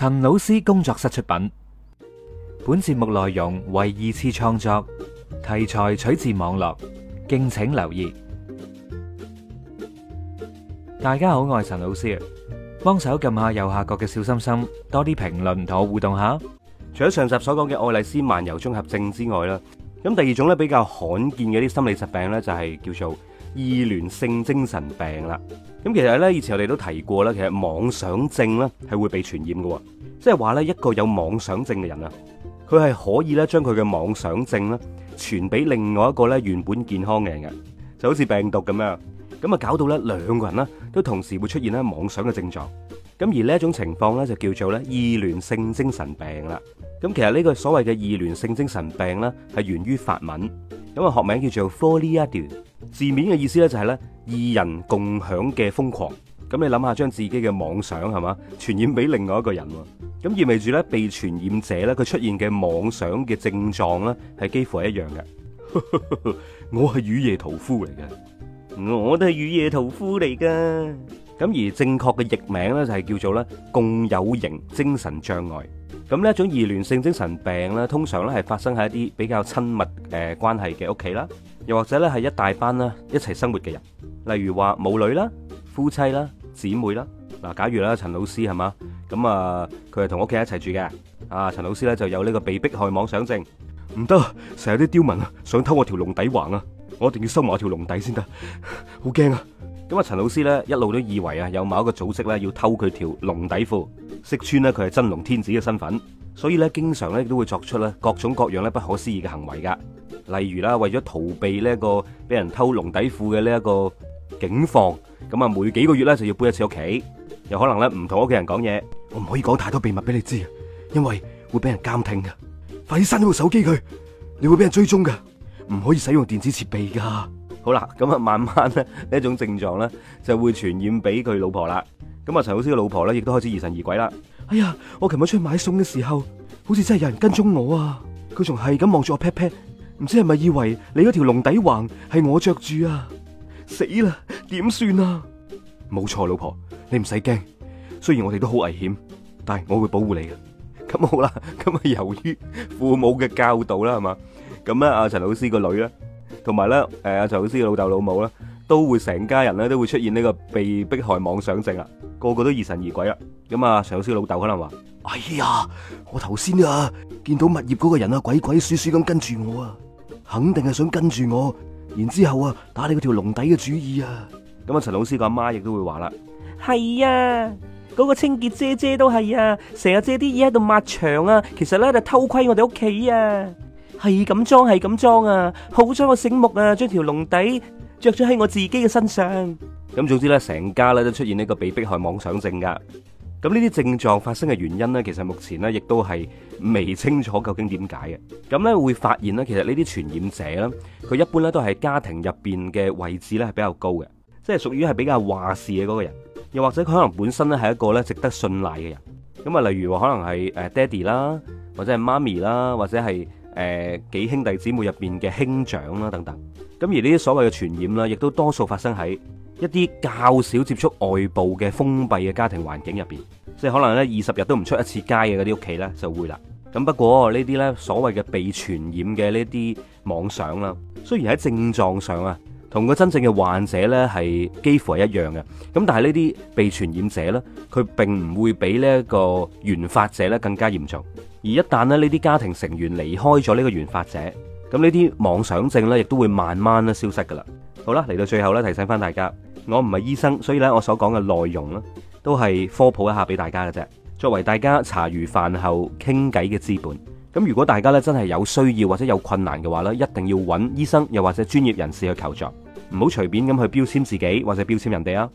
陳老師工作室出品，本節目內容為二次創作，題材取自網絡，敬請留意。大家好，我係陳老師啊，幫手撳下右下角嘅小心心，多啲評論同我互動下。除咗上集所講嘅愛麗絲漫遊綜合症之外啦，咁第二種咧比較罕見嘅啲心理疾病咧就係叫做二聯性精神病啦，咁其實咧，以前我哋都提過啦。其實妄想症咧係會被傳染噶，即係話咧一個有妄想症嘅人啊，佢係可以咧將佢嘅妄想症咧傳俾另外一個咧原本健康嘅人嘅，就好似病毒咁樣。咁啊，搞到咧兩個人啦都同時會出現咧妄想嘅症狀。咁而呢一種情況咧就叫做咧二聯性精神病啦。咁其實呢個所謂嘅二聯性精神病咧係源於法文，咁啊學名叫做 “folie à deux”。字面嘅意思呢就係呢二人共享嘅瘋狂。 又或者咧係一大班啦，一齊生活嘅人，例如話母女啦、夫妻啦、姊妹啦。嗱，假如啦，陳老師係嘛，咁啊，佢係同屋企人一齊住嘅。啊，陳老師咧就有呢個被迫害妄想症，唔得，成日有啲刁民啊，想偷我條龍底環啊，我一定要收埋我條龍底先得，好驚啊！咁啊，陳老師咧一路都以為啊，有某一個組織咧要偷佢條龍底褲，識穿咧佢係真龍天子嘅身份，所以咧經常咧都會作出咧各種各樣咧不可思議嘅行為噶。例如啦，為咗逃避呢一個俾人偷籠底褲嘅呢一個警況，咁啊，每幾個月咧就要搬一次屋企，有可能咧唔同屋企人講嘢，我唔可以講太多秘密俾你知啊，因為會俾人監聽噶。快啲閂咗部手機佢，你會俾人追蹤噶，唔可以使用電子設備噶。好啦，咁啊，慢慢咧呢一種症狀咧就會傳染俾佢老婆啦。咁啊，陳老師嘅老婆咧亦都開始疑神疑鬼啦。哎呀，我琴日出去買餸嘅時候，好似真係有人跟蹤我啊！佢仲係咁望住我 pat pat。唔知係咪以為你嗰條龍底橫係我着住啊？死啦！點算啊？冇錯，老婆，你唔使驚。雖然我哋都好危險，但係我會保護你嘅。咁好啦，咁啊，由於父母嘅教導啦，係嘛？咁咧，阿陳老師個女咧，同埋咧，誒，阿陳老師嘅老豆老母咧，都會成家人咧都會出現呢個被迫害妄想症啊，個個都疑神疑鬼啊。咁啊，陳老師老豆可能話：哎呀，我頭先啊見到物業嗰個人啊，鬼鬼祟祟咁跟住我啊！肯定係想跟住我，然之後啊，打你嗰條龍底嘅主意啊！咁啊，陳老師個阿媽亦都會話啦，係啊，嗰個清潔姐姐都係啊，成日借啲嘢喺度抹牆啊，其實咧就偷窺我哋屋企啊，係咁裝係咁裝啊，好想我醒目啊，將條龍底着咗喺我自己嘅身上。咁總之咧，成家咧都出現呢個被迫害妄想症噶。咁呢啲症狀發生嘅原因呢，其實目前呢亦都係未清楚究竟點解嘅。咁呢會發現呢，其實呢啲傳染者呢，佢一般呢都係家庭入邊嘅位置呢係比較高嘅，即係屬於係比較話事嘅嗰個人，又或者佢可能本身呢係一個呢值得信賴嘅人。咁啊，例如話可能係誒爹地啦，或者係媽咪啦，或者係誒、呃、幾兄弟姊妹入邊嘅兄長啦等等。咁而呢啲所謂嘅傳染呢，亦都多數發生喺一啲較少接觸外部嘅封閉嘅家庭環境入邊，即係可能呢二十日都唔出一次街嘅嗰啲屋企呢就會啦。咁不過呢啲呢所謂嘅被傳染嘅呢啲妄想啦，雖然喺症狀上啊同個真正嘅患者呢係幾乎係一樣嘅，咁但係呢啲被傳染者呢，佢並唔會比呢個原發者呢更加嚴重。而一旦呢呢啲家庭成員離開咗呢個原發者，咁呢啲妄想症呢亦都會慢慢消失㗎啦。好啦，嚟到最後呢，提醒翻大家。我唔係醫生，所以咧我所講嘅內容呢，都係科普一下俾大家嘅啫。作為大家茶餘飯後傾偈嘅資本。咁如果大家咧真係有需要或者有困難嘅話呢，一定要揾醫生又或者專業人士去求助，唔好隨便咁去標籤自己或者標籤人哋啊。